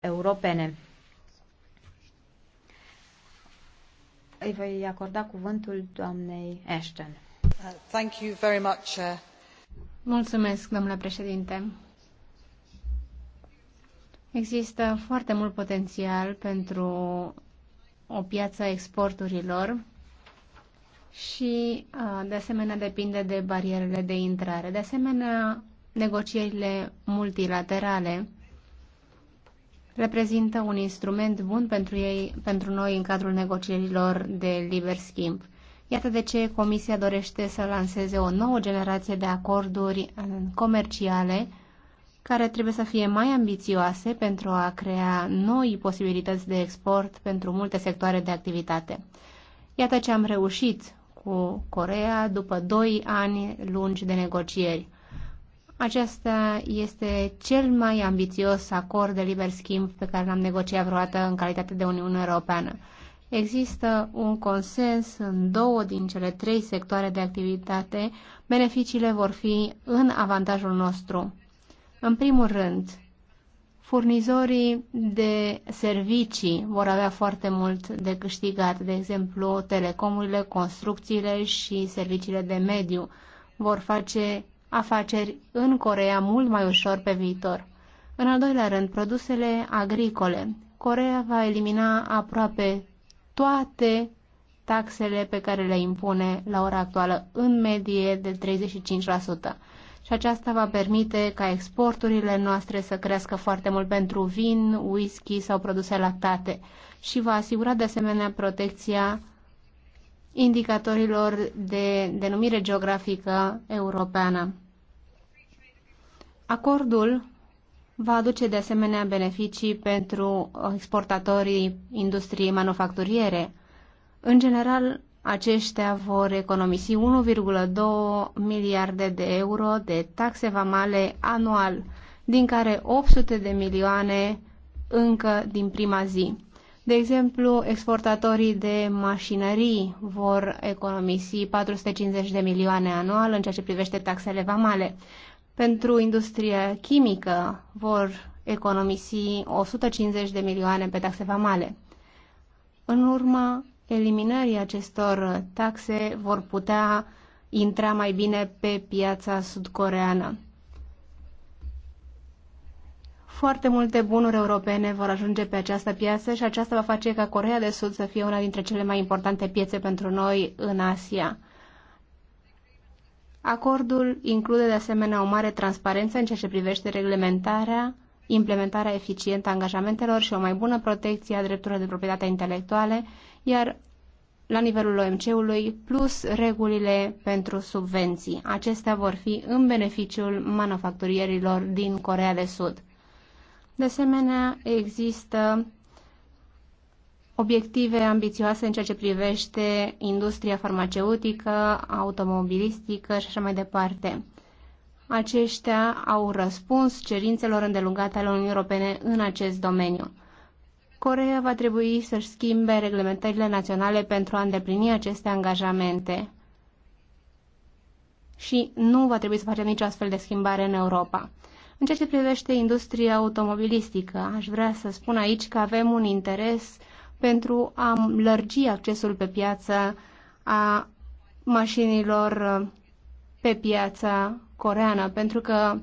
europene. Îi voi acorda cuvântul doamnei Ashton. Thank you very much. Uh... Mulțumesc, domnule președinte. Există foarte mult potențial pentru o piață a exporturilor și, uh, de asemenea, depinde de barierele de intrare. De asemenea, negocierile multilaterale reprezintă un instrument bun pentru ei, pentru noi în cadrul negocierilor de liber schimb. Iată de ce Comisia dorește să lanseze o nouă generație de acorduri uh, comerciale care trebuie să fie mai ambițioase pentru a crea noi posibilități de export pentru multe sectoare de activitate. Iată ce am reușit cu Corea după doi ani lungi de negocieri. Acesta este cel mai ambițios acord de liber schimb pe care l-am negociat vreodată în calitate de Uniune Europeană. Există un consens în două din cele trei sectoare de activitate. Beneficiile vor fi în avantajul nostru. În primul rând, furnizorii de servicii vor avea foarte mult de câștigat, de exemplu, telecomurile, construcțiile și serviciile de mediu vor face afaceri în Corea mult mai ușor pe viitor. În al doilea rând, produsele agricole. Corea va elimina aproape toate taxele pe care le impune la ora actuală, în medie de 35%. Și aceasta va permite ca exporturile noastre să crească foarte mult pentru vin, whisky sau produse lactate și va asigura de asemenea protecția indicatorilor de denumire geografică europeană. Acordul va aduce de asemenea beneficii pentru exportatorii industriei manufacturiere. În general, aceștia vor economisi 1,2 miliarde de euro de taxe vamale anual, din care 800 de milioane încă din prima zi. De exemplu, exportatorii de mașinării vor economisi 450 de milioane anual în ceea ce privește taxele vamale. Pentru industria chimică vor economisi 150 de milioane pe taxe vamale. În urma eliminării acestor taxe vor putea intra mai bine pe piața sudcoreană. Foarte multe bunuri europene vor ajunge pe această piață și aceasta va face ca Corea de Sud să fie una dintre cele mai importante piețe pentru noi în Asia. Acordul include de asemenea o mare transparență în ceea ce privește reglementarea, implementarea eficientă a angajamentelor și o mai bună protecție a drepturilor de proprietate intelectuale, iar la nivelul OMC-ului, plus regulile pentru subvenții. Acestea vor fi în beneficiul manufacturierilor din Corea de Sud. De asemenea, există obiective ambițioase în ceea ce privește industria farmaceutică, automobilistică și așa mai departe. Aceștia au răspuns cerințelor îndelungate ale Uniunii Europene în acest domeniu. Coreea va trebui să-și schimbe reglementările naționale pentru a îndeplini aceste angajamente și nu va trebui să facem nicio astfel de schimbare în Europa. În ceea ce privește industria automobilistică, aș vrea să spun aici că avem un interes pentru a lărgi accesul pe piață a mașinilor pe piața coreană, pentru că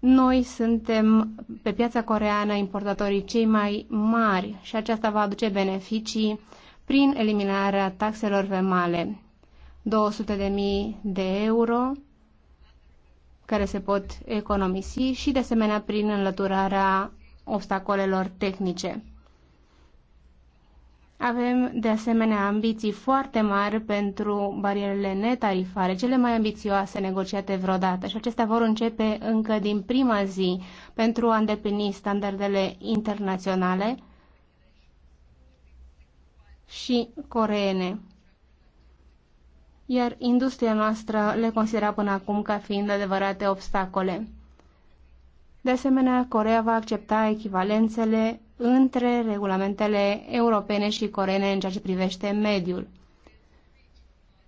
noi suntem pe piața coreană importatorii cei mai mari și aceasta va aduce beneficii prin eliminarea taxelor vamale. 200.000 de euro care se pot economisi și, de asemenea, prin înlăturarea obstacolelor tehnice. Avem, de asemenea, ambiții foarte mari pentru barierele netarifare, cele mai ambițioase negociate vreodată și acestea vor începe încă din prima zi pentru a îndeplini standardele internaționale și coreene iar industria noastră le considera până acum ca fiind adevărate obstacole. De asemenea, Corea va accepta echivalențele între regulamentele europene și coreene în ceea ce privește mediul.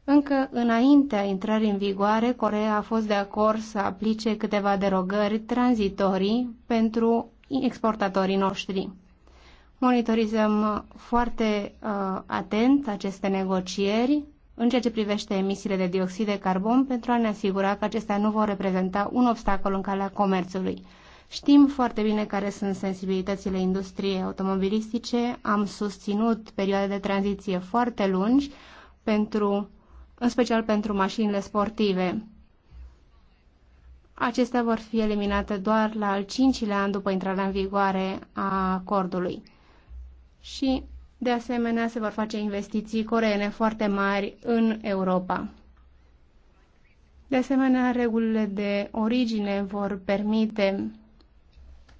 Încă înaintea intrării în vigoare, Corea a fost de acord să aplice câteva derogări tranzitorii pentru exportatorii noștri. Monitorizăm foarte uh, atent aceste negocieri în ceea ce privește emisiile de dioxid de carbon pentru a ne asigura că acestea nu vor reprezenta un obstacol în calea comerțului. Știm foarte bine care sunt sensibilitățile industriei automobilistice, am susținut perioade de tranziție foarte lungi, pentru, în special pentru mașinile sportive. Acestea vor fi eliminate doar la al cincilea an după intrarea în vigoare a acordului. Și de asemenea, se vor face investiții coreene foarte mari în Europa. De asemenea, regulile de origine vor permite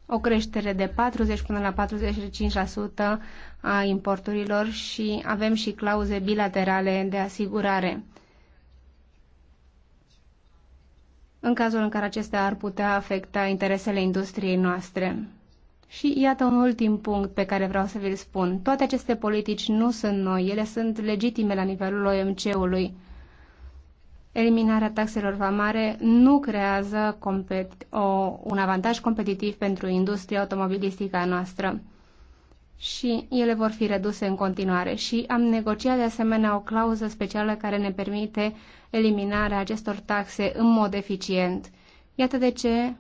o creștere de 40 până la 45% a importurilor și avem și clauze bilaterale de asigurare. În cazul în care acestea ar putea afecta interesele industriei noastre. Și iată un ultim punct pe care vreau să vi-l spun. Toate aceste politici nu sunt noi, ele sunt legitime la nivelul OMC-ului. Eliminarea taxelor vamare nu creează o, un avantaj competitiv pentru industria automobilistică a noastră și ele vor fi reduse în continuare. Și am negociat de asemenea o clauză specială care ne permite eliminarea acestor taxe în mod eficient. Iată de ce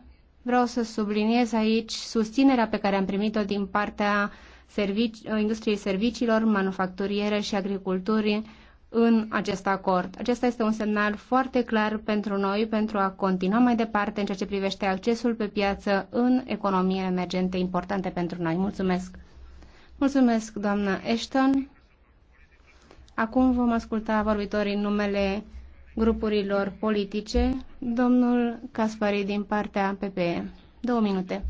Vreau să subliniez aici susținerea pe care am primit-o din partea servici, industriei serviciilor, manufacturiere și agriculturii în acest acord. Acesta este un semnal foarte clar pentru noi pentru a continua mai departe în ceea ce privește accesul pe piață în economie emergente importante pentru noi. Mulțumesc! Mulțumesc, doamnă Ashton. Acum vom asculta vorbitorii numele grupurilor politice, domnul Caspari din partea PPE. Două minute.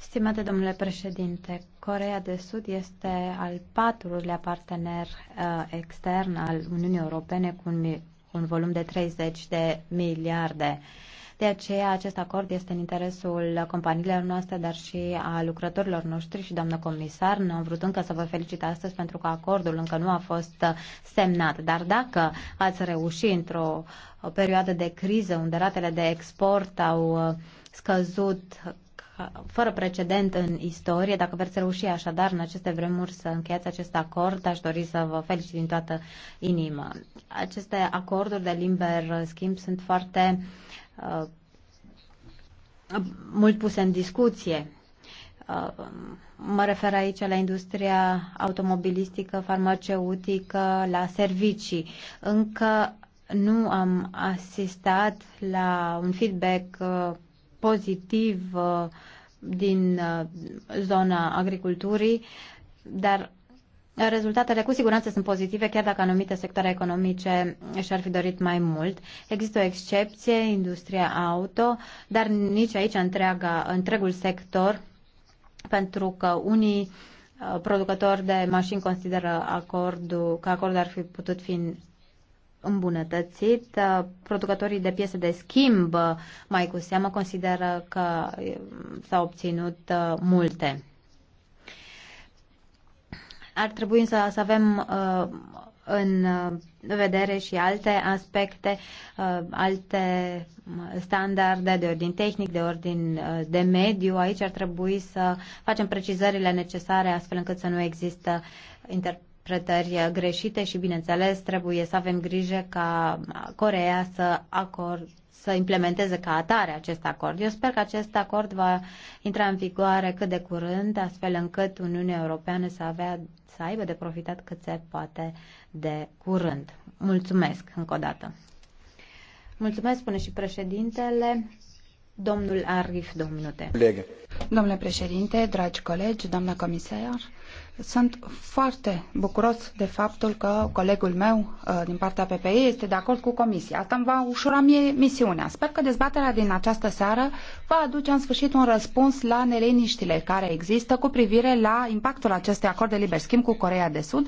Stimate domnule președinte, Corea de Sud este al patrulea partener uh, extern al Uniunii Europene cu un, un volum de 30 de miliarde uh, de aceea acest acord este în interesul companiilor noastre, dar și a lucrătorilor noștri și, doamnă comisar, nu am vrut încă să vă felicit astăzi pentru că acordul încă nu a fost semnat. Dar dacă ați reușit într-o perioadă de criză unde ratele de export au scăzut fără precedent în istorie. Dacă veți reuși așadar în aceste vremuri să încheiați acest acord, aș dori să vă felicit din toată inima. Aceste acorduri de liber schimb sunt foarte Uh, uh, mult puse în discuție. Uh, mă refer aici la industria automobilistică, farmaceutică, la servicii. Încă nu am asistat la un feedback pozitiv din zona agriculturii, dar Rezultatele cu siguranță sunt pozitive, chiar dacă anumite sectoare economice și-ar fi dorit mai mult. Există o excepție, industria auto, dar nici aici întreaga, întregul sector, pentru că unii uh, producători de mașini consideră acordul, că acordul ar fi putut fi îmbunătățit. Uh, producătorii de piese de schimb, uh, mai cu seamă, consideră că s-au obținut multe. Ar trebui să, să avem uh, în uh, vedere și alte aspecte, uh, alte standarde de ordin tehnic, de ordin de mediu. Aici ar trebui să facem precizările necesare astfel încât să nu există interpretări greșite și, bineînțeles, trebuie să avem grijă ca Corea să acorde să implementeze ca atare acest acord. Eu sper că acest acord va intra în vigoare cât de curând, astfel încât Uniunea Europeană să, avea, să aibă de profitat cât se poate de curând. Mulțumesc încă o dată. Mulțumesc, spune și președintele. Domnul Arif, două minute. Domnule președinte, dragi colegi, doamna comisar, sunt foarte bucuros de faptul că colegul meu uh, din partea PPE este de acord cu comisia. Asta îmi va ușura mie misiunea. Sper că dezbaterea din această seară va aduce în sfârșit un răspuns la neliniștile care există cu privire la impactul acestui acord de liber schimb cu Coreea de Sud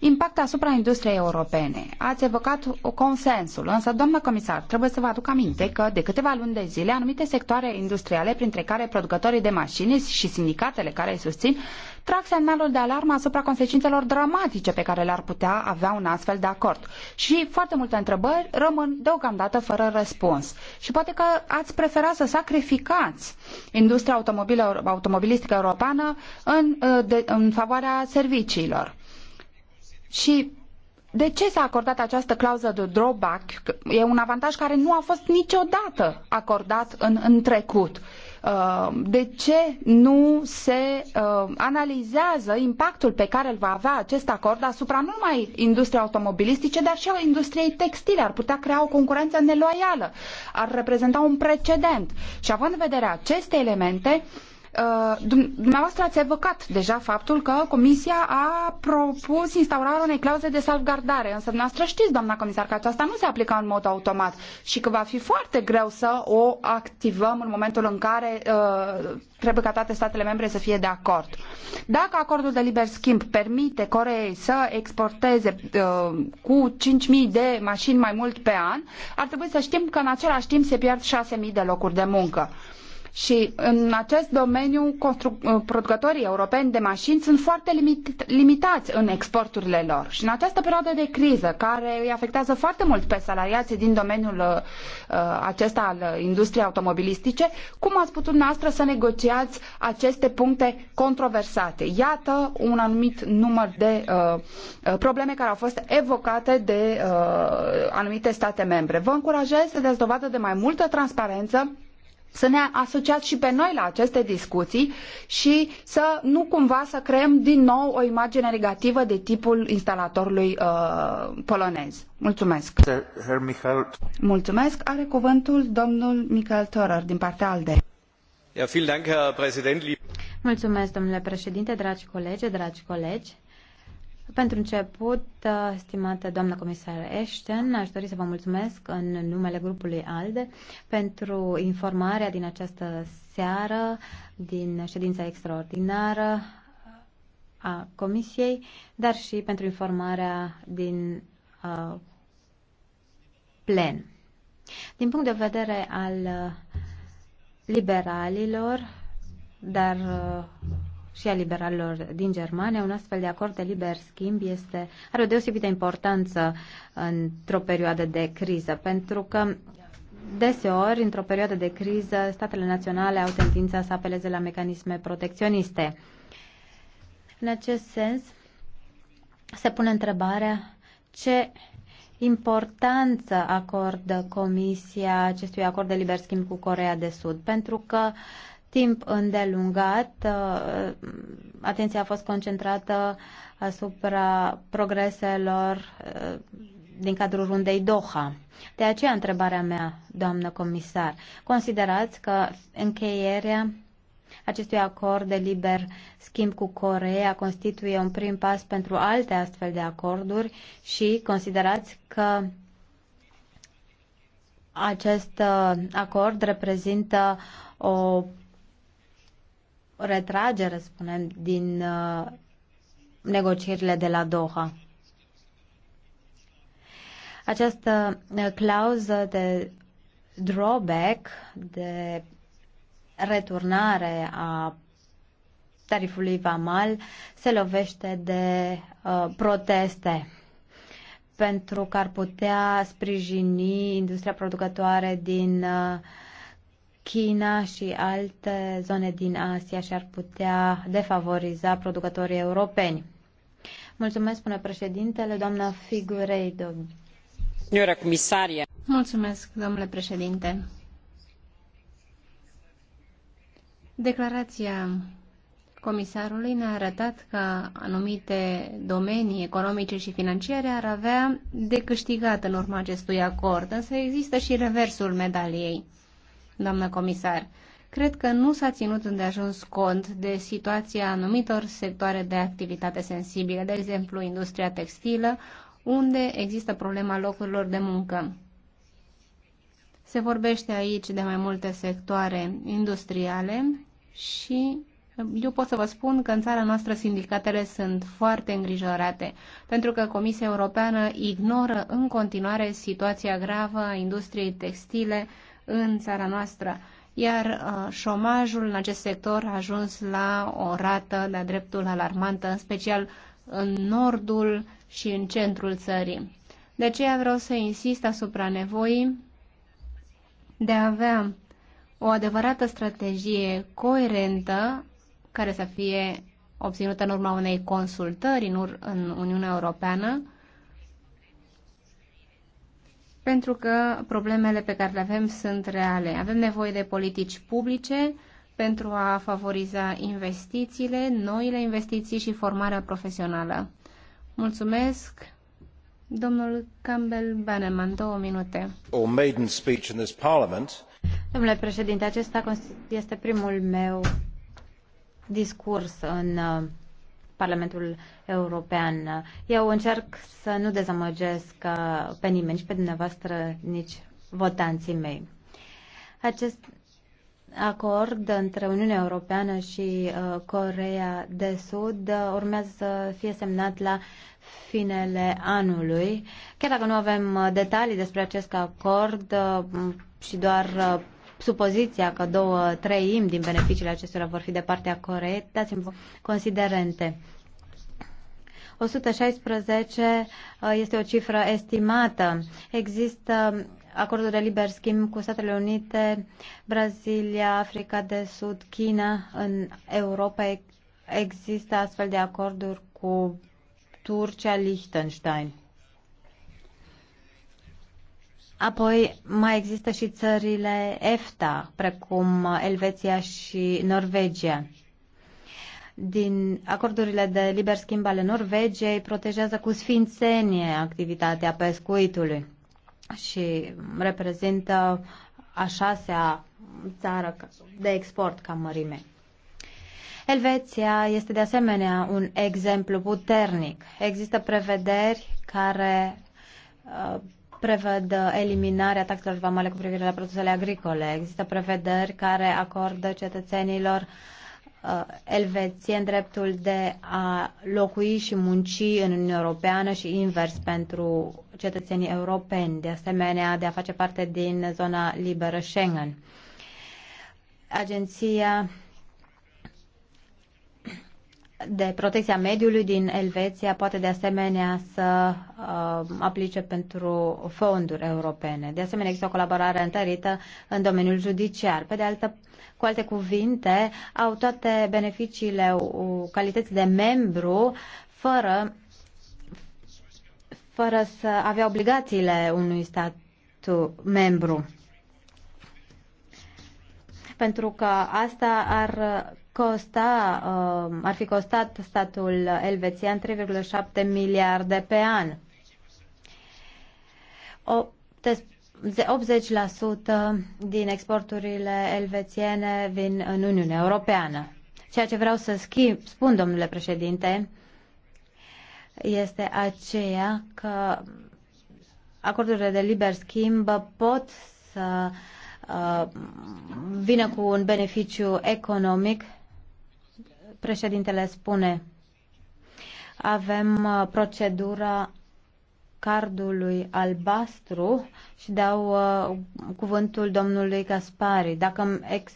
Impact asupra industriei europene. Ați evocat consensul, însă, doamnă comisar, trebuie să vă aduc aminte că de câteva luni de zile anumite sectoare industriale, printre care producătorii de mașini și sindicatele care îi susțin, trag semnalul de alarmă asupra consecințelor dramatice pe care le-ar putea avea un astfel de acord. Și foarte multe întrebări rămân deocamdată fără răspuns. Și poate că ați prefera să sacrificați industria automobilistică europeană în, uh, de, în favoarea serviciilor. Și de ce s-a acordat această clauză de drawback? E un avantaj care nu a fost niciodată acordat în, în trecut. Uh, de ce nu se uh, analizează impactul pe care îl va avea acest acord asupra nu numai industriei automobilistice, dar și a industriei textile? Ar putea crea o concurență neloială, ar reprezenta un precedent. Și având în vedere aceste elemente, Uh, dumneavoastră ați evocat deja faptul că Comisia a propus instaurarea unei clauze de salvgardare, însă dumneavoastră știți, doamna comisar, că aceasta nu se aplică în mod automat și că va fi foarte greu să o activăm în momentul în care uh, trebuie ca toate statele membre să fie de acord. Dacă acordul de liber schimb permite Coreei să exporteze uh, cu 5.000 de mașini mai mult pe an, ar trebui să știm că în același timp se pierd 6.000 de locuri de muncă. Uh, și în acest domeniu, producătorii europeni de mașini sunt foarte limit, limitați în exporturile lor. Și în această perioadă de criză, care îi afectează foarte mult pe salariații din domeniul uh, acesta al industriei automobilistice, cum ați putut noastră să negociați aceste puncte controversate? Iată un anumit număr de uh, probleme care au fost evocate de uh, anumite state membre. Vă încurajez să dați dovadă de mai multă transparență să ne asociați și pe noi la aceste discuții și să nu cumva să creăm din nou o imagine negativă de tipul instalatorului uh, polonez. Mulțumesc. Michael. Mulțumesc. Are cuvântul domnul Michael Torer din partea ALDE. Mulțumesc, domnule președinte, dragi colegi, dragi colegi. Pentru început, uh, stimată doamnă comisar Ashton, aș dori să vă mulțumesc în numele grupului ALDE pentru informarea din această seară, din ședința extraordinară a Comisiei, dar și pentru informarea din uh, plen. Din punct de vedere al liberalilor, dar uh, și a liberalilor din Germania, un astfel de acord de liber schimb este, are o deosebită importanță într-o perioadă de criză, pentru că deseori, într-o perioadă de criză, statele naționale au tendința să apeleze la mecanisme protecționiste. În acest sens, se pune întrebarea ce importanță acordă Comisia acestui acord de liber schimb cu Corea de Sud, pentru că timp îndelungat. Uh, atenția a fost concentrată asupra progreselor uh, din cadrul rundei Doha. De aceea întrebarea mea, doamnă comisar, considerați că încheierea acestui acord de liber schimb cu Corea constituie un prim pas pentru alte astfel de acorduri și considerați că acest uh, acord reprezintă o retragere, spunem, din uh, negocierile de la Doha. Această uh, clauză de drawback, de returnare a tarifului vamal, se lovește de uh, proteste pentru că ar putea sprijini industria producătoare din uh, China și alte zone din Asia și-ar putea defavoriza producătorii europeni. Mulțumesc, spune președintele, doamna Figureido. Signora comisarie. Mulțumesc, domnule președinte. Declarația comisarului ne-a arătat că anumite domenii economice și financiare ar avea de câștigat în urma acestui acord, însă există și reversul medaliei doamnă comisar. Cred că nu s-a ținut îndeajuns cont de situația anumitor sectoare de activitate sensibile, de exemplu industria textilă, unde există problema locurilor de muncă. Se vorbește aici de mai multe sectoare industriale și eu pot să vă spun că în țara noastră sindicatele sunt foarte îngrijorate, pentru că Comisia Europeană ignoră în continuare situația gravă a industriei textile în țara noastră, iar uh, șomajul în acest sector a ajuns la o rată de-a dreptul alarmantă, în special în nordul și în centrul țării. De aceea vreau să insist asupra nevoii de a avea o adevărată strategie coerentă care să fie obținută în urma unei consultări în, Uniunea Europeană pentru că problemele pe care le avem sunt reale. Avem nevoie de politici publice pentru a favoriza investițiile, noile investiții și formarea profesională. Mulțumesc! Domnul Campbell Bannerman, două minute. Or maiden speech in this parliament. Domnule președinte, acesta este primul meu discurs în uh, Parlamentul European. Eu încerc să nu dezamăgesc uh, pe nimeni, nici pe dumneavoastră, nici votanții mei. Acest acord între Uniunea Europeană și uh, Corea de Sud uh, urmează să fie semnat la finele anului. Chiar dacă nu avem detalii despre acest acord și doar supoziția că două treimi din beneficiile acestora vor fi de partea Coreei, dați-mi considerente. 116 uh, este o cifră estimată. Există acorduri de liber schimb cu Statele Unite, Brazilia, Africa de Sud, China. În Europa există astfel de acorduri cu Turcia, Liechtenstein. Apoi mai există și țările EFTA, precum uh, Elveția și Norvegia. Din acordurile de liber schimb ale Norvegiei protejează cu sfințenie activitatea pescuitului și reprezintă a șasea țară de export ca mărime. Elveția este de asemenea un exemplu puternic. Există prevederi care uh, prevăd eliminarea taxelor vamale cu privire la produsele agricole. Există prevederi care acordă cetățenilor uh, elvețieni dreptul de a locui și munci în Uniunea Europeană și invers pentru cetățenii europeni, de asemenea de a face parte din zona liberă Schengen. Agenția de protecția mediului din Elveția poate de asemenea să uh, aplice pentru fonduri europene. De asemenea, există o colaborare întărită în domeniul judiciar. Pe de altă, cu alte cuvinte, au toate beneficiile calității de membru fără fără să avea obligațiile unui stat membru. Pentru că asta ar costa, uh, ar fi costat statul elvețian 3,7 miliarde pe an. 80% din exporturile elvețiene vin în Uniunea Europeană. Ceea ce vreau să schimb, spun, domnule președinte, este aceea că acordurile de liber schimb pot să uh, vină cu un beneficiu economic Președintele spune, avem uh, procedura cardului albastru și dau uh, cuvântul domnului Gaspari. Dacă îmi ex-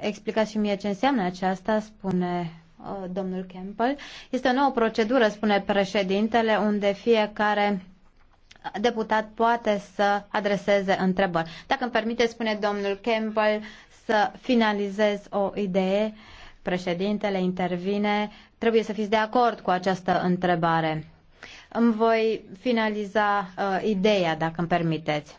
explicați și mie ce înseamnă aceasta, spune uh, domnul Campbell. Este o nouă procedură, spune președintele, unde fiecare deputat poate să adreseze întrebări. Dacă îmi permite, spune domnul Campbell, să finalizez o idee Președintele intervine. Trebuie să fiți de acord cu această întrebare. Îmi voi finaliza uh, ideea, dacă îmi permiteți.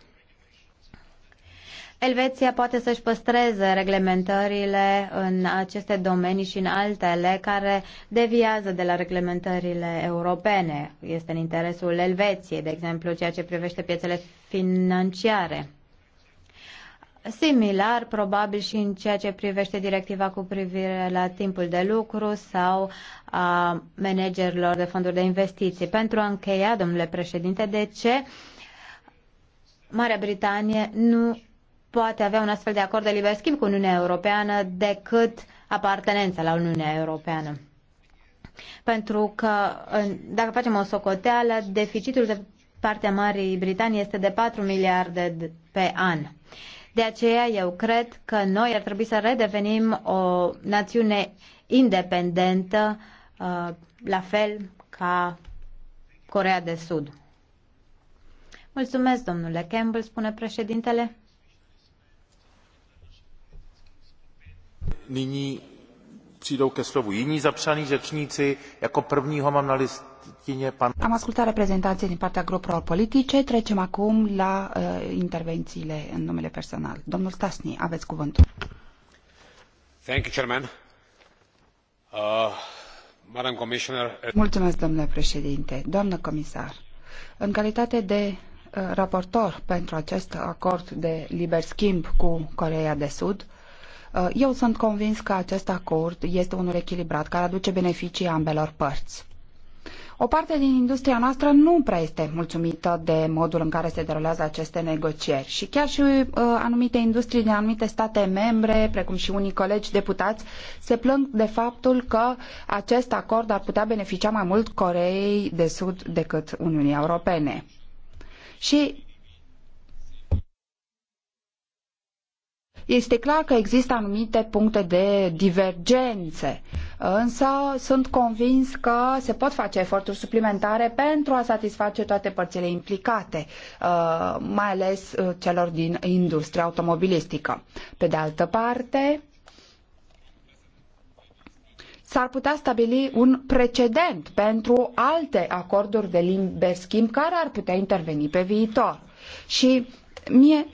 Elveția poate să-și păstreze reglementările în aceste domenii și în altele care deviază de la reglementările europene. Este în interesul Elveției, de exemplu, ceea ce privește piețele financiare similar probabil și în ceea ce privește directiva cu privire la timpul de lucru sau a managerilor de fonduri de investiții. Pentru a încheia, domnule președinte, de ce Marea Britanie nu poate avea un astfel de acord de liber schimb cu Uniunea Europeană decât apartenența la Uniunea Europeană? Pentru că dacă facem o socoteală, deficitul de partea Marii Britanii este de 4 miliarde pe an. De aceea eu cred că noi ar trebui să redevenim o națiune independentă, uh, la fel ca Corea de Sud. Mulțumesc, domnule Campbell, spune președintele. Nyní přijdou ke slovu jiní zapsaní řečníci. Jako prvního mám na list am ascultat reprezentanții din partea grupurilor politice. Trecem acum la uh, intervențiile în numele personal. Domnul Stasni, aveți cuvântul. Thank you, Chairman. Uh, Madam Commissioner... Uh, Mulțumesc, domnule președinte. Doamnă comisar, în calitate de uh, raportor pentru acest acord de liber schimb cu Coreea de Sud, uh, eu sunt convins că acest acord este unul echilibrat care aduce beneficii ambelor părți. O parte din industria noastră nu prea este mulțumită de modul în care se derulează aceste negocieri și chiar și uh, anumite industrii din anumite state membre, precum și unii colegi deputați, se plâng de faptul că acest acord ar putea beneficia mai mult Coreei de Sud decât Uniunii Europene. Și Este clar că există anumite puncte de divergențe, însă sunt convins că se pot face eforturi suplimentare pentru a satisface toate părțile implicate, uh, mai ales uh, celor din industria automobilistică. Pe de altă parte, s-ar putea stabili un precedent pentru alte acorduri de liber schimb care ar putea interveni pe viitor. Și mie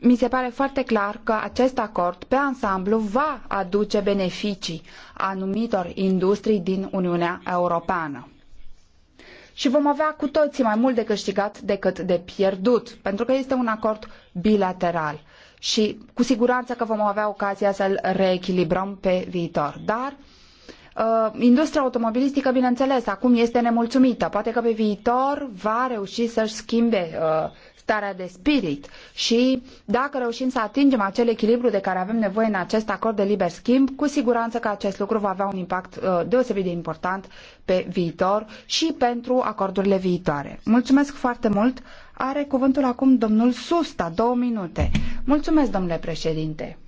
mi se pare foarte clar că acest acord, pe ansamblu, va aduce beneficii anumitor industrii din Uniunea Europeană. Și vom avea cu toții mai mult de câștigat decât de pierdut, pentru că este un acord bilateral. Și cu siguranță că vom avea ocazia să-l reechilibrăm pe viitor. Dar Uh, industria automobilistică, bineînțeles, acum este nemulțumită. Poate că pe viitor va reuși să-și schimbe uh, starea de spirit și dacă reușim să atingem acel echilibru de care avem nevoie în acest acord de liber schimb, cu siguranță că acest lucru va avea un impact uh, deosebit de important pe viitor și pentru acordurile viitoare. Mulțumesc foarte mult! Are cuvântul acum domnul Susta, două minute. Mulțumesc, domnule președinte!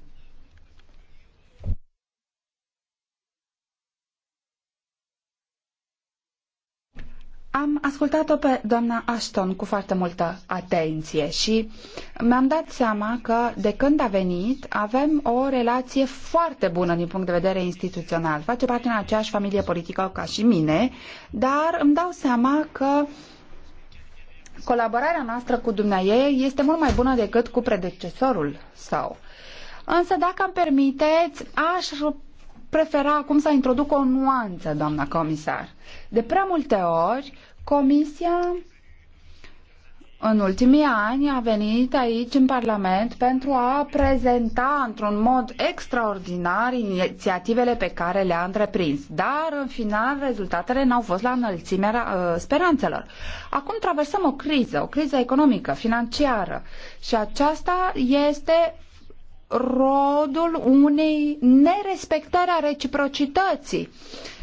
Am ascultat-o pe doamna Ashton cu foarte multă atenție și mi-am dat seama că de când a venit avem o relație foarte bună din punct de vedere instituțional. Face parte din aceeași familie politică ca și mine, dar îmi dau seama că colaborarea noastră cu dumneaei este mult mai bună decât cu predecesorul său. Însă, dacă îmi permiteți, aș prefera acum să introduc o nuanță, doamna comisar. De prea multe ori, Comisia în ultimii ani a venit aici în Parlament pentru a prezenta într-un mod extraordinar inițiativele pe care le-a întreprins. Dar, în final, rezultatele n-au fost la înălțimea uh, speranțelor. Acum traversăm o criză, o criză economică, financiară și aceasta este rodul unei nerespectări a reciprocității,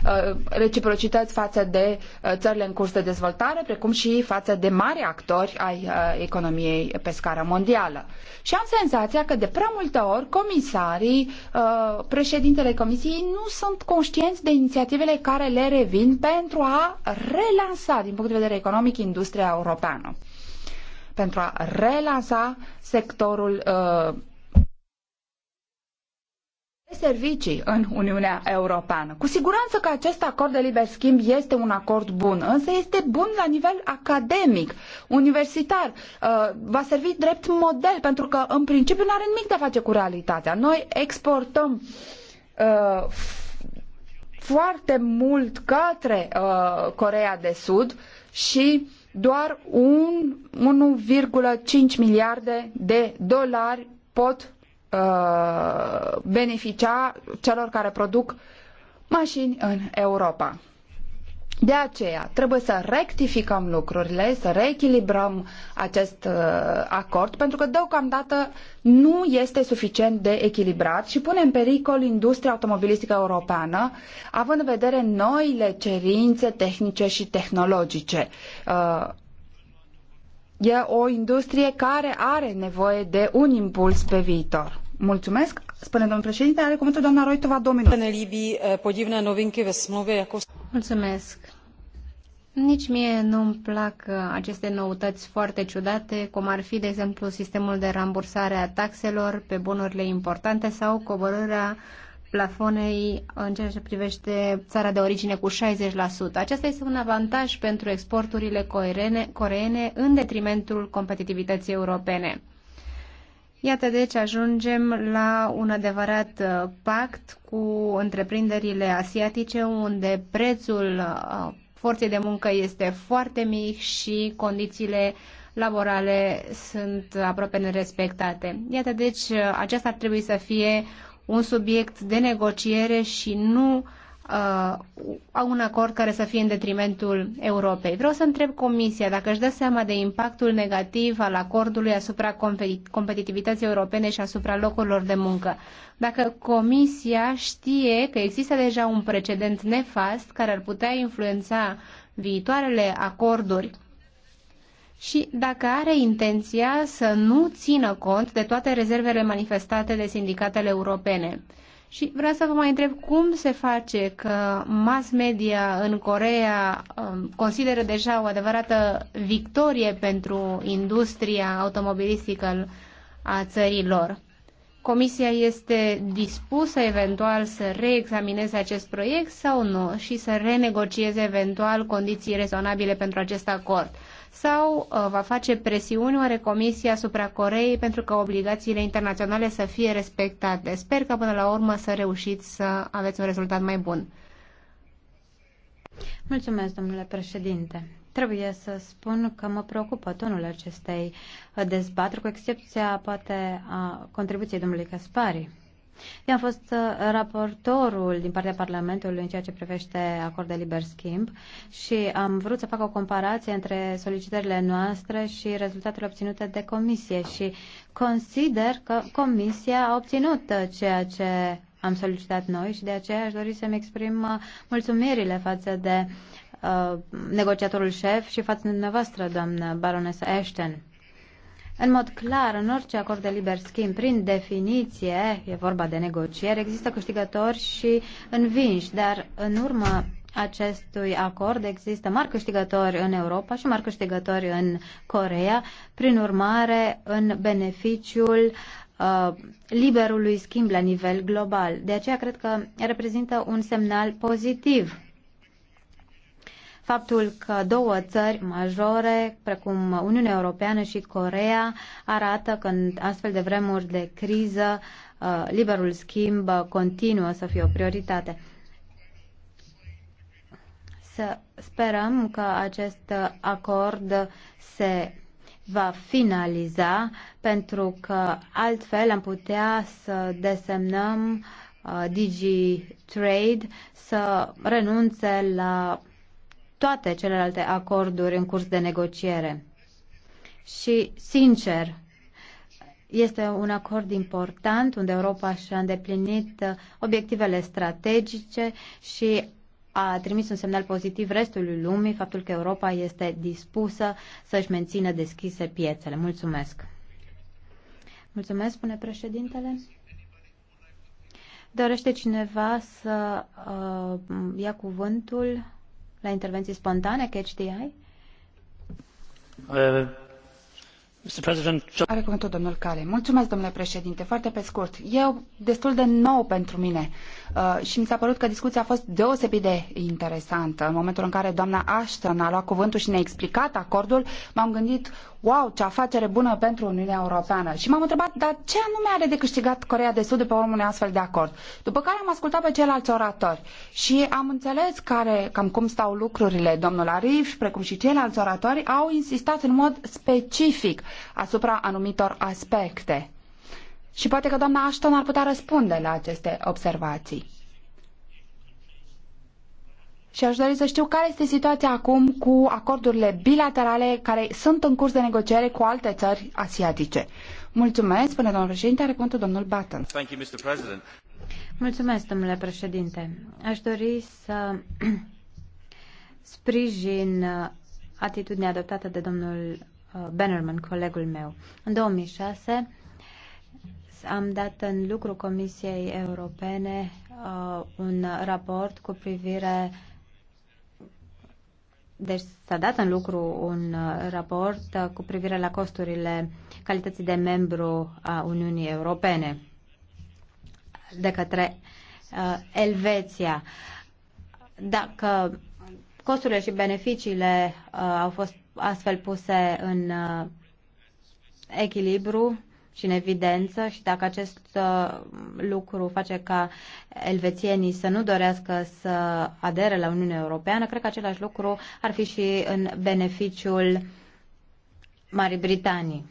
uh, reciprocități față de uh, țările în curs de dezvoltare, precum și față de mari actori ai uh, economiei pe scară mondială. Și am senzația că de prea multe ori comisarii, președintele comisiei nu sunt conștienți de inițiativele care le revin pentru a relansa, din punct de vedere economic, industria europeană pentru a relansa sectorul uh, servicii în Uniunea Europeană. Cu siguranță că acest acord de liber schimb este un acord bun, însă este bun la nivel academic, universitar. Uh, va servi drept model, pentru că în principiu nu are nimic de a face cu realitatea. Noi exportăm uh, foarte mult către uh, Corea de Sud și doar 1,5 miliarde de dolari pot Uh, beneficia celor care produc mașini în Europa. De aceea trebuie să rectificăm lucrurile, să reechilibrăm acest uh, acord, pentru că deocamdată nu este suficient de echilibrat și pune în pericol industria automobilistică europeană, având în vedere noile cerințe tehnice și tehnologice. Uh, e o industrie care are nevoie de un impuls pe viitor. Mulțumesc. Spune domnul președinte, are cuvântul doamna Roitova, două minute. Nelíbí podivné novinky ve smlouvě jako... Mulțumesc. Nici mie nu-mi plac uh, aceste noutăți foarte ciudate, cum ar fi, de exemplu, sistemul de rambursare a taxelor pe bunurile importante sau coborârea plafonei în ceea ce privește țara de origine cu 60%. Aceasta este un avantaj pentru exporturile coreene în detrimentul competitivității europene. Iată deci ajungem la un adevărat uh, pact cu întreprinderile asiatice unde prețul uh, forței de muncă este foarte mic și condițiile laborale sunt aproape nerespectate. Iată deci uh, aceasta ar trebui să fie un subiect de negociere și nu uh, uh, un acord care să fie în detrimentul Europei. Vreau să întreb Comisia dacă își dă seama de impactul negativ al acordului asupra competitivității europene și asupra locurilor de muncă. Dacă Comisia știe că există deja un precedent nefast care ar putea influența viitoarele acorduri și dacă are intenția să nu țină cont de toate rezervele manifestate de sindicatele europene. Și vreau să vă mai întreb cum se face că mass media în Corea um, consideră deja o adevărată victorie pentru industria automobilistică a țării lor. Comisia este dispusă eventual să reexamineze acest proiect sau nu și să renegocieze eventual condiții rezonabile pentru acest acord? Sau uh, va face presiuni oare Comisia asupra Coreei pentru că obligațiile internaționale să fie respectate? Sper că până la urmă să reușiți să aveți un rezultat mai bun. Mulțumesc, domnule președinte. Trebuie să spun că mă preocupă tonul acestei dezbateri, cu excepția poate a contribuției domnului Caspari. Eu am fost uh, raportorul din partea Parlamentului în ceea ce privește acord de liber schimb și am vrut să fac o comparație între solicitările noastre și rezultatele obținute de comisie și consider că comisia a obținut uh, ceea ce am solicitat noi și de aceea aș dori să-mi exprim uh, mulțumirile față de Uh, negociatorul șef și față de dumneavoastră, doamnă baronesa Ashton. În mod clar, în orice acord de liber schimb, prin definiție, e vorba de negocieri, există câștigători și învinși, dar în urma acestui acord există mari câștigători în Europa și mari câștigători în Corea, prin urmare în beneficiul uh, liberului schimb la nivel global. De aceea cred că reprezintă un semnal pozitiv Faptul că două țări majore, precum Uniunea Europeană și Corea, arată că în astfel de vremuri de criză, uh, liberul schimb continuă să fie o prioritate. Să sperăm că acest acord se va finaliza, pentru că altfel am putea să desemnăm uh, Trade să renunțe la toate celelalte acorduri în curs de negociere. Și, sincer, este un acord important unde Europa și-a îndeplinit obiectivele strategice și a trimis un semnal pozitiv restului lumii, faptul că Europa este dispusă să-și mențină deschise piețele. Mulțumesc! Mulțumesc, spune președintele. Dorește cineva să uh, ia cuvântul? la intervenții spontane, catch the eye? Uh, Are cuvântul domnul Cale. Mulțumesc, domnule președinte. Foarte pe scurt. E destul de nou pentru mine uh, și mi s-a părut că discuția a fost deosebit de interesantă. În momentul în care doamna Ashton a luat cuvântul și ne-a explicat acordul, m-am gândit, wow, ce afacere bună pentru Uniunea Europeană. Și m-am întrebat, dar ce anume are de câștigat Corea de Sud după pe urmă unui astfel de acord? După care am ascultat pe ceilalți oratori și am înțeles care, cam cum stau lucrurile. Domnul Arif, precum și ceilalți oratori, au insistat în mod specific asupra anumitor aspecte. Și poate că doamna Ashton ar putea răspunde la aceste observații. Și aș dori să știu care este situația acum cu acordurile bilaterale care sunt în curs de negociere cu alte țări asiatice. Mulțumesc, până domnul președinte, are cuvântul domnul Batten. Thank you, Mr. President. Mulțumesc, domnule președinte. Aș dori să sprijin uh, atitudinea adoptată de domnul uh, Bannerman, colegul meu. În 2006 am dat în lucru Comisiei Europene uh, un raport cu privire deci s-a dat în lucru un uh, raport uh, cu privire la costurile calității de membru a Uniunii Europene de către uh, Elveția. Dacă costurile și beneficiile au fost astfel puse în echilibru, și în evidență și dacă acest uh, lucru face ca elvețienii să nu dorească să adere la Uniunea Europeană, cred că același lucru ar fi și în beneficiul Marii Britanii.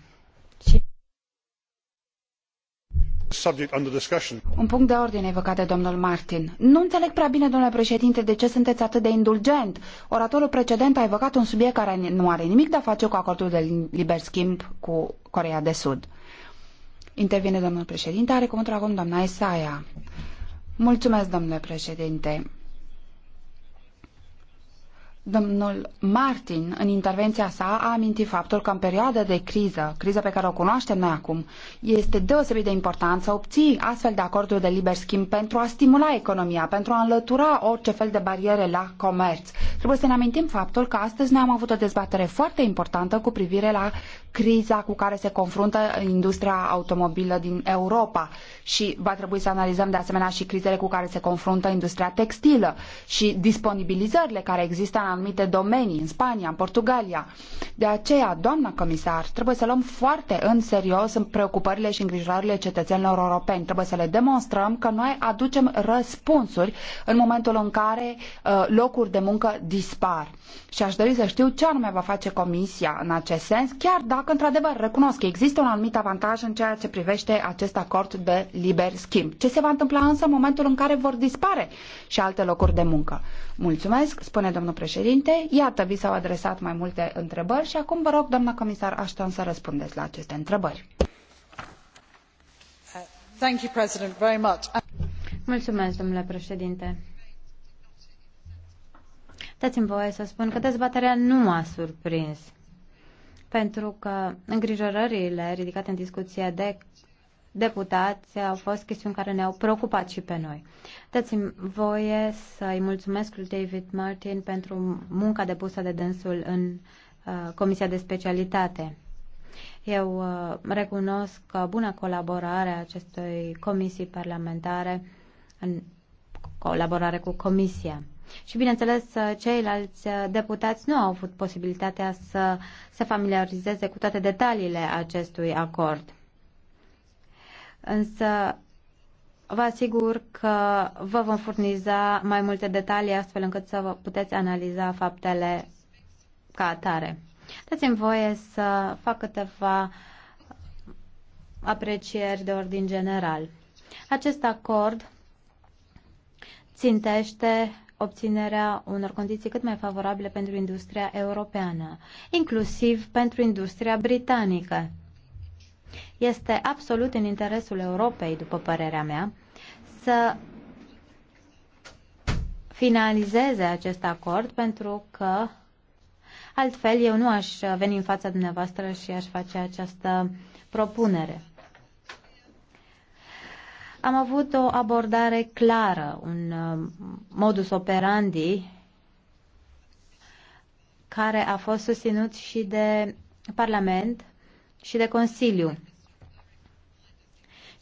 un punct de ordine evocat de domnul Martin. Nu înțeleg prea bine, domnule președinte, de ce sunteți atât de indulgent. Oratorul precedent a evocat un subiect care nu are nimic de a face cu acordul de liber schimb cu Coreea de Sud. Intervine domnul președinte. Are cuvântul acum doamna Isaia. Mulțumesc, domnule președinte. Domnul Martin, în intervenția sa, a amintit faptul că în perioada de criză, criză pe care o cunoaștem noi acum, este deosebit de important să obții astfel de acorduri de liber schimb pentru a stimula economia, pentru a înlătura orice fel de bariere la comerț. Trebuie să ne amintim faptul că astăzi noi am avut o dezbatere foarte importantă cu privire la criza cu care se confruntă industria automobilă din Europa și va trebui să analizăm de asemenea și crizele cu care se confruntă industria textilă și disponibilizările care există în anumite domenii, în Spania, în Portugalia. De aceea, doamna comisar, trebuie să luăm foarte în serios în preocupările și îngrijorările cetățenilor europeni. Trebuie să le demonstrăm că noi aducem răspunsuri în momentul în care uh, locuri de muncă dispar. Și aș dori să știu ce anume va face comisia în acest sens, chiar dacă, într-adevăr, recunosc că există un anumit avantaj în ceea ce privește acest acord de liber schimb. Ce se va întâmpla însă în momentul în care vor dispare și alte locuri de muncă? Mulțumesc, spune domnul președinte președinte. Iată, vi s-au adresat mai multe întrebări și acum vă rog, doamna comisar Ashton, să răspundeți la aceste întrebări. Thank you, President, very much. Mulțumesc, domnule președinte. Dați-mi voie să spun că dezbaterea nu m-a surprins, pentru că îngrijorările ridicate în discuție de deputați au fost chestiuni care ne-au preocupat și pe noi. Dați-mi voie să-i mulțumesc lui David Martin pentru munca depusă de dânsul în uh, Comisia de Specialitate. Eu uh, recunosc că buna colaborare a acestei comisii parlamentare în colaborare cu Comisia. Și bineînțeles, uh, ceilalți uh, deputați nu au avut posibilitatea să se familiarizeze cu toate detaliile acestui acord însă vă asigur că vă vom furniza mai multe detalii astfel încât să vă puteți analiza faptele ca atare. Dați-mi voie să fac câteva aprecieri de ordin general. Acest acord țintește obținerea unor condiții cât mai favorabile pentru industria europeană, inclusiv pentru industria britanică. Este absolut în interesul Europei, după părerea mea, să finalizeze acest acord pentru că altfel eu nu aș veni în fața dumneavoastră și aș face această propunere. Am avut o abordare clară, un uh, modus operandi care a fost susținut și de Parlament și de Consiliu.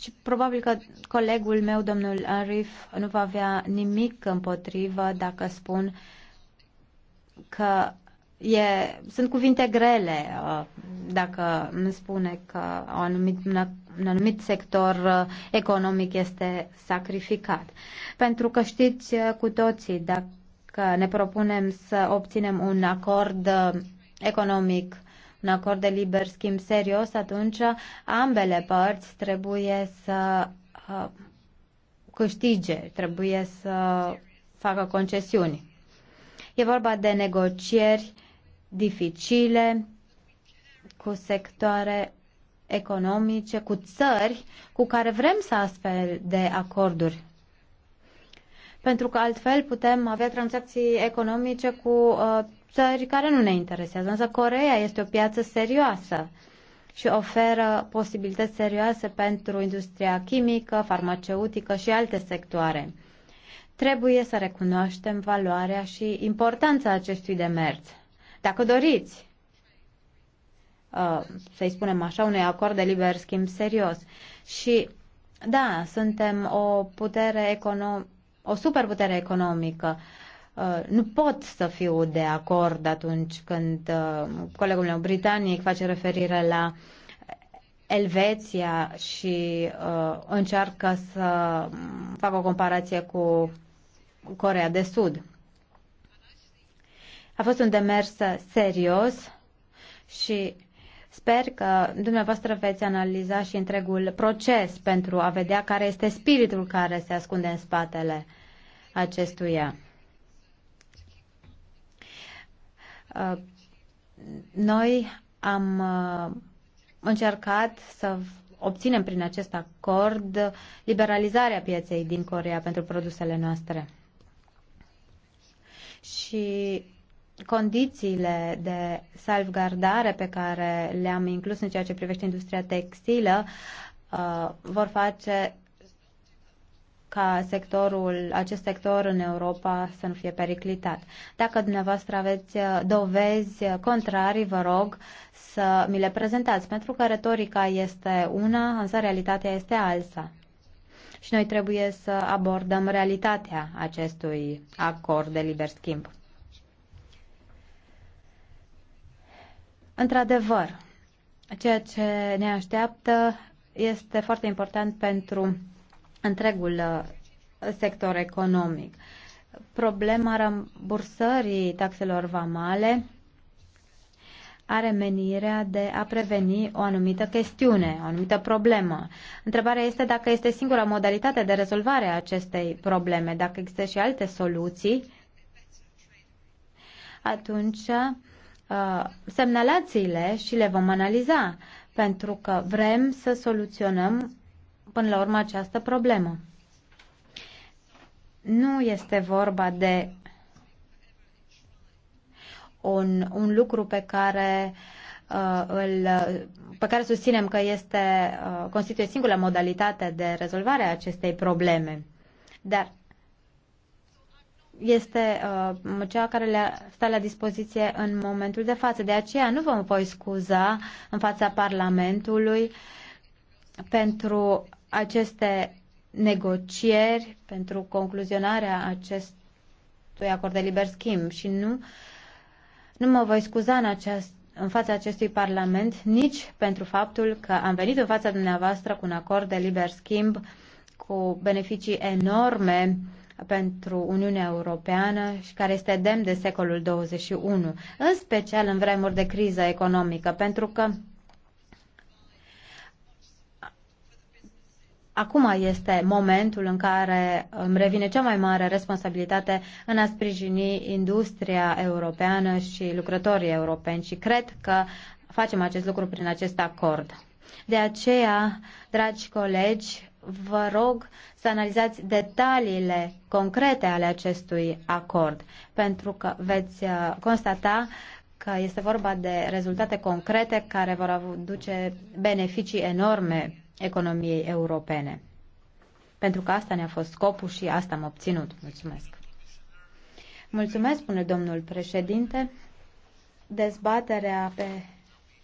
Și probabil că colegul meu, domnul Arif, nu va avea nimic împotrivă dacă spun că e, sunt cuvinte grele uh, dacă îmi spune că un anumit, un anumit sector uh, economic este sacrificat. Pentru că știți uh, cu toții, dacă ne propunem să obținem un acord economic un acord de liber schimb serios, atunci ambele părți trebuie să uh, câștige, trebuie să facă concesiuni. E vorba de negocieri dificile cu sectoare economice, cu țări cu care vrem să astfel de acorduri pentru că altfel putem avea tranzacții economice cu uh, țări care nu ne interesează. Însă Coreea este o piață serioasă și oferă posibilități serioase pentru industria chimică, farmaceutică și alte sectoare. Trebuie să recunoaștem valoarea și importanța acestui demers. Dacă doriți, uh, să-i spunem așa, unui acord de liber schimb serios. Și da, suntem o putere economică o superputere economică. Uh, nu pot să fiu de acord atunci când uh, colegul meu britanic face referire la Elveția și uh, încearcă să facă o comparație cu Corea de Sud. A fost un demers serios și Sper că dumneavoastră veți analiza și întregul proces pentru a vedea care este spiritul care se ascunde în spatele acestuia. Uh, noi am uh, încercat să obținem prin acest acord liberalizarea pieței din Corea pentru produsele noastre. Și condițiile de salvgardare pe care le-am inclus în ceea ce privește industria textilă uh, vor face ca sectorul, acest sector în Europa să nu fie periclitat. Dacă dumneavoastră aveți uh, dovezi contrarii, vă rog să mi le prezentați, pentru că retorica este una, însă realitatea este alta. Și noi trebuie să abordăm realitatea acestui acord de liber schimb. Într-adevăr, ceea ce ne așteaptă este foarte important pentru întregul uh, sector economic. Problema rambursării taxelor vamale are menirea de a preveni o anumită chestiune, o anumită problemă. Întrebarea este dacă este singura modalitate de rezolvare a acestei probleme, dacă există și alte soluții, atunci uh, semnalațiile și le vom analiza, pentru că vrem să soluționăm până la urmă această problemă. Nu este vorba de un, un lucru pe care uh, îl, pe care susținem că este uh, constituie singura modalitate de rezolvare a acestei probleme. Dar este uh, cea care le stă la dispoziție în momentul de față. De aceea nu vă voi scuza în fața Parlamentului pentru aceste negocieri pentru concluzionarea acestui acord de liber schimb și nu, nu mă voi scuza în, aceast, în fața acestui Parlament nici pentru faptul că am venit în fața dumneavoastră cu un acord de liber schimb cu beneficii enorme pentru Uniunea Europeană și care este demn de secolul 21, în special în vremuri de criză economică, pentru că Acum este momentul în care îmi revine cea mai mare responsabilitate în a sprijini industria europeană și lucrătorii europeni și cred că facem acest lucru prin acest acord. De aceea, dragi colegi, vă rog să analizați detaliile concrete ale acestui acord, pentru că veți uh, constata că este vorba de rezultate concrete care vor aduce beneficii enorme economiei europene. Pentru că asta ne-a fost scopul și asta am obținut. Mulțumesc! Mulțumesc, spune domnul președinte. Dezbaterea pe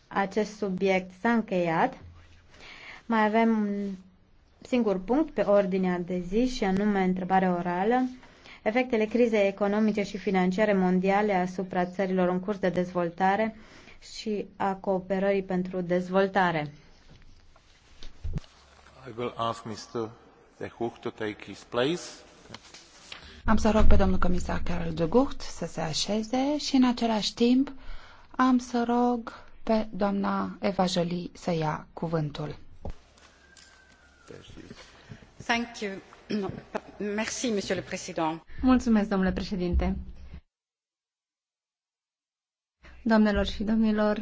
acest subiect s-a încheiat. Mai avem un singur punct pe ordinea de zi și anume întrebarea orală. Efectele crizei economice și financiare mondiale asupra țărilor în curs de dezvoltare și a cooperării pentru dezvoltare. I will ask Mr. De to take his place. Am să rog pe domnul comisar Carol de Gucht să se așeze și în același timp am să rog pe doamna Eva Jolie să ia cuvântul. Thank you. Merci, Monsieur le Président. Mulțumesc, domnule președinte. Doamnelor și domnilor,